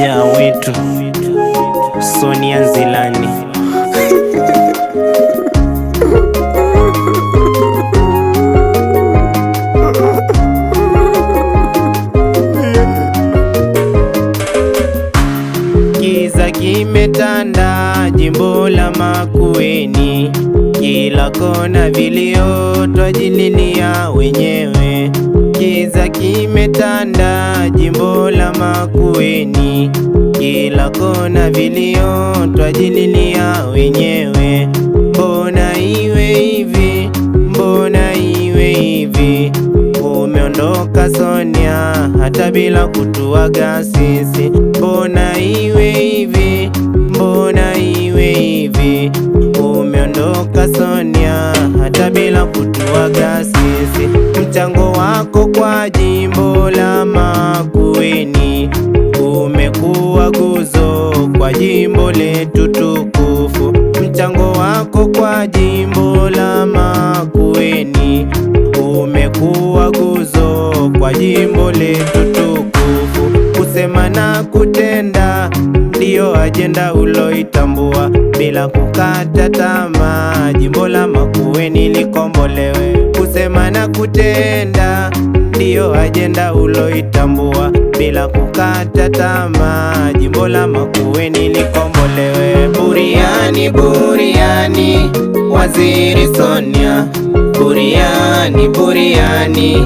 shujaa wetu Sonia Nzilani. Giza kimetanda jimbo la Makueni, kila kona vilio, twajililia wenyewe imetanda jimbo la Makueni, kila kona vilio twajililia wenyewe. Mbona iwe hivi, mbona iwe hivi? Umeondoka Sonia hata bila kutuaga sisi. Mbona iwe hivi, mbona iwe hivi? Umeondoka Sonia hata bila kutuaga sisi. Mchango wako kwaji jimbo letu tukufu, mchango wako kwa jimbo la Makueni umekuwa guzo kwa jimbo letu tukufu, kusema na kutenda ndiyo ajenda uloitambua bila kukata tamaa. Jimbo la Makueni likombolewe, kusema na kutenda ndiyo ajenda uloitambua bila kukata tamaa. Jimbo la Makueni likombolewe. Buriani, buriani, Waziri Sonia, buriani, buriani,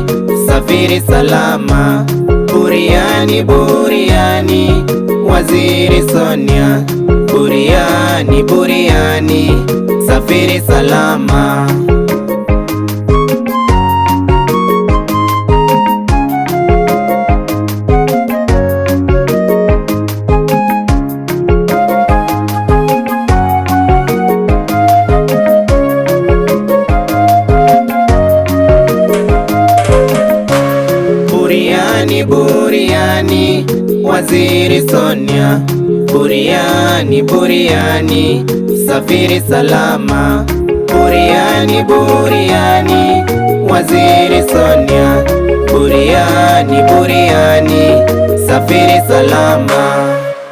safiri salama. Buriani, buriani, Waziri Sonia, buriani, buriani, safiri salama. Buriani, buriani, Waziri Sonia, buriani, buriani, safiri salama. Buriani, buriani, Waziri Sonia, buriani, buriani, safiri salama.